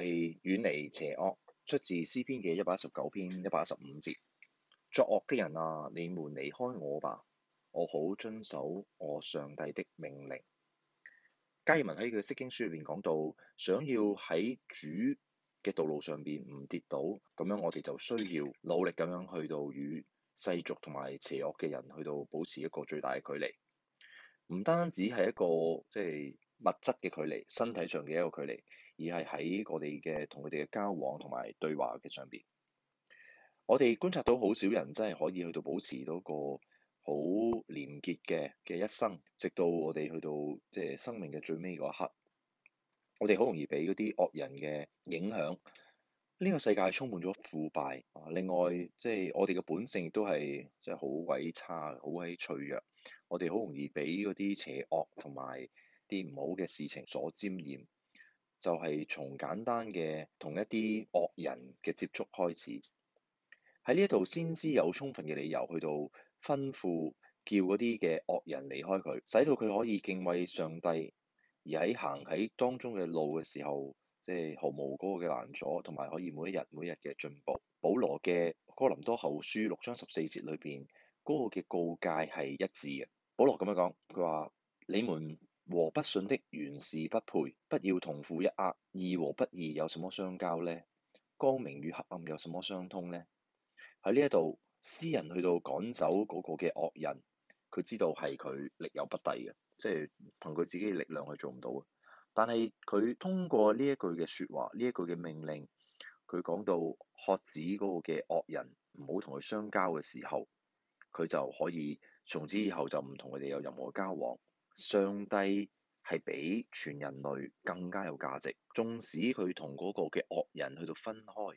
係遠離邪惡，出自詩篇嘅一百一十九篇一百一十五節。作惡嘅人啊，你們離開我吧，我好遵守我上帝的命令。加爾文喺佢《釋經書》入面講到，想要喺主嘅道路上邊唔跌倒，咁樣我哋就需要努力咁樣去到與世俗同埋邪惡嘅人去到保持一個最大嘅距離。唔單止係一個即係、就是、物質嘅距離，身體上嘅一個距離。而係喺我哋嘅同佢哋嘅交往同埋對話嘅上邊，我哋觀察到好少人真係可以去到保持到個好廉潔嘅嘅一生，直到我哋去到即係生命嘅最尾嗰一刻，我哋好容易俾嗰啲惡人嘅影響。呢個世界充滿咗腐敗。另外，即係我哋嘅本性亦都係即係好鬼差、好鬼脆弱。我哋好容易俾嗰啲邪惡同埋啲唔好嘅事情所沾染。就係從簡單嘅同一啲惡人嘅接觸開始，喺呢一度先知有充分嘅理由去到吩咐叫嗰啲嘅惡人離開佢，使到佢可以敬畏上帝，而喺行喺當中嘅路嘅時候，即係毫無嗰個嘅攔阻，同埋可以每一日每一日嘅進步。保羅嘅哥林多後書六章十四節裏邊嗰個嘅告誡係一致嘅。保羅咁樣講，佢話你們，和不信的，原是不配，不要同負一軛。義和不義有什麼相交呢？光明與黑暗有什麼相通呢？喺呢一度，詩人去到趕走嗰個嘅惡人，佢知道係佢力有不逮嘅，即係憑佢自己嘅力量去做唔到。但係佢通過呢一句嘅説話，呢一句嘅命令，佢講到喝止嗰個嘅惡人唔好同佢相交嘅時候，佢就可以從此以後就唔同佢哋有任何交往。上帝係比全人類更加有價值，縱使佢同嗰個嘅惡人去到分開，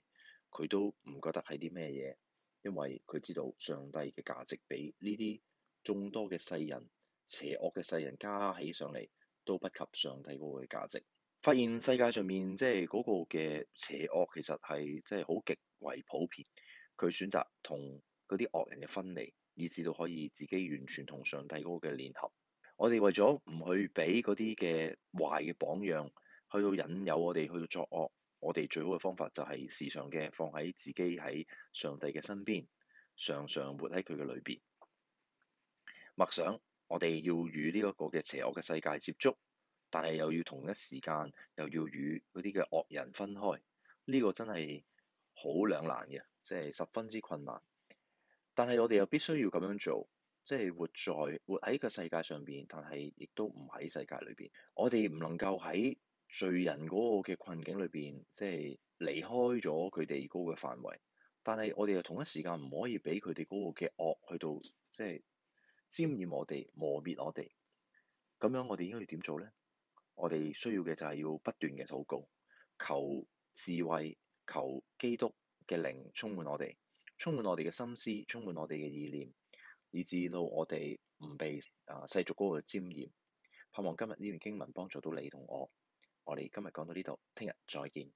佢都唔覺得係啲咩嘢，因為佢知道上帝嘅價值比呢啲眾多嘅世人、邪惡嘅世人加起上嚟都不及上帝嗰個嘅價值。發現世界上面即係嗰個嘅邪惡其實係即係好極為普遍，佢選擇同嗰啲惡人嘅分離，以至到可以自己完全同上帝嗰個嘅聯合。我哋為咗唔去畀嗰啲嘅壞嘅榜樣，去到引誘我哋去到作惡，我哋最好嘅方法就係時常嘅放喺自己喺上帝嘅身邊，常常活喺佢嘅裏邊。默想，我哋要與呢一個嘅邪惡嘅世界接觸，但係又要同一時間又要與嗰啲嘅惡人分開，呢個真係好兩難嘅，即係十分之困難。但係我哋又必須要咁樣做。即係活在活喺個世界上邊，但係亦都唔喺世界裏邊。我哋唔能夠喺罪人嗰個嘅困境裏邊，即係離開咗佢哋嗰個範圍。但係我哋又同一時間唔可以俾佢哋嗰個嘅惡去到，即係沾染我哋、磨滅我哋。咁樣我哋應該要點做咧？我哋需要嘅就係要不斷嘅禱告，求智慧，求基督嘅靈充滿我哋，充滿我哋嘅心思，充滿我哋嘅意念。以至到我哋唔被世俗嗰個沾染，盼望今日呢段經文幫助到你同我，我哋今日講到呢度，聽日再見。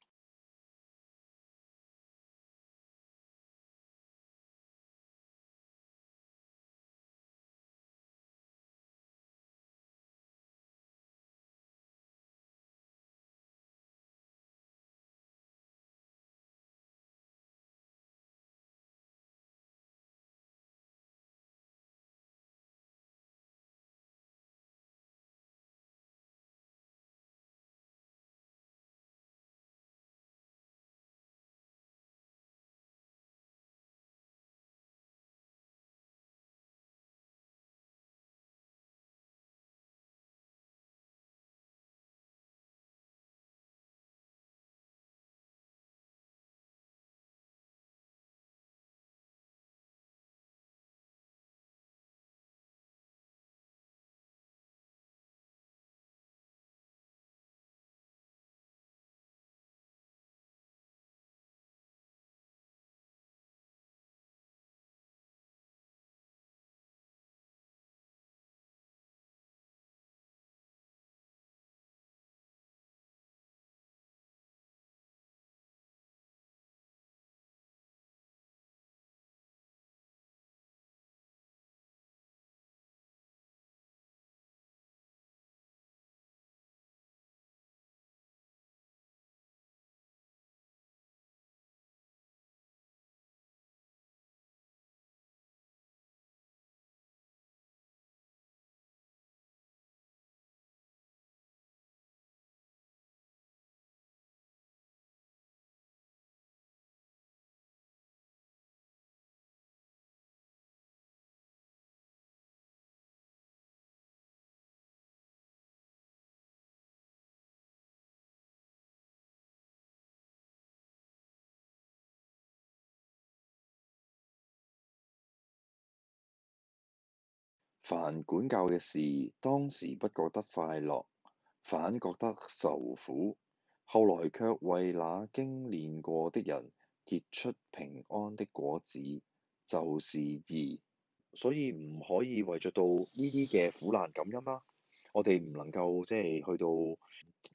凡管教嘅事，當時不覺得快樂，反覺得受苦；後來卻為那經練過的人結出平安的果子，就是義。所以唔可以為著到呢啲嘅苦難感恩啦。我哋唔能夠即係去到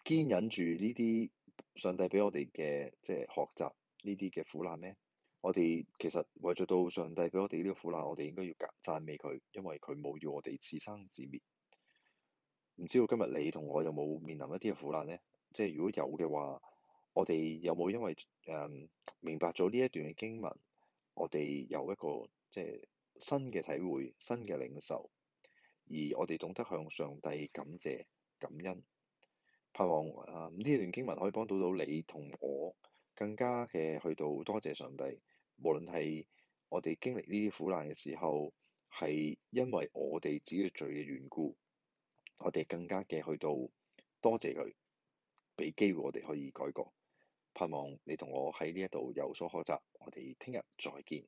堅忍住呢啲上帝畀我哋嘅即係學習呢啲嘅苦難咩？我哋其實為咗到上帝畀我哋呢個苦難，我哋應該要讚美佢，因為佢冇要我哋自生自滅。唔知道今日你同我有冇面臨一啲嘅苦難呢？即係如果有嘅話，我哋有冇因為誒、嗯、明白咗呢一段經文，我哋有一個即係新嘅體會、新嘅領受，而我哋懂得向上帝感謝、感恩、盼望啊！呢、嗯、段經文可以幫到到你同我更加嘅去到多謝上帝。無論係我哋經歷呢啲苦難嘅時候，係因為我哋自己嘅罪嘅緣故，我哋更加嘅去到多謝佢畀機會我哋可以改過，盼望你同我喺呢一度有所學習，我哋聽日再見。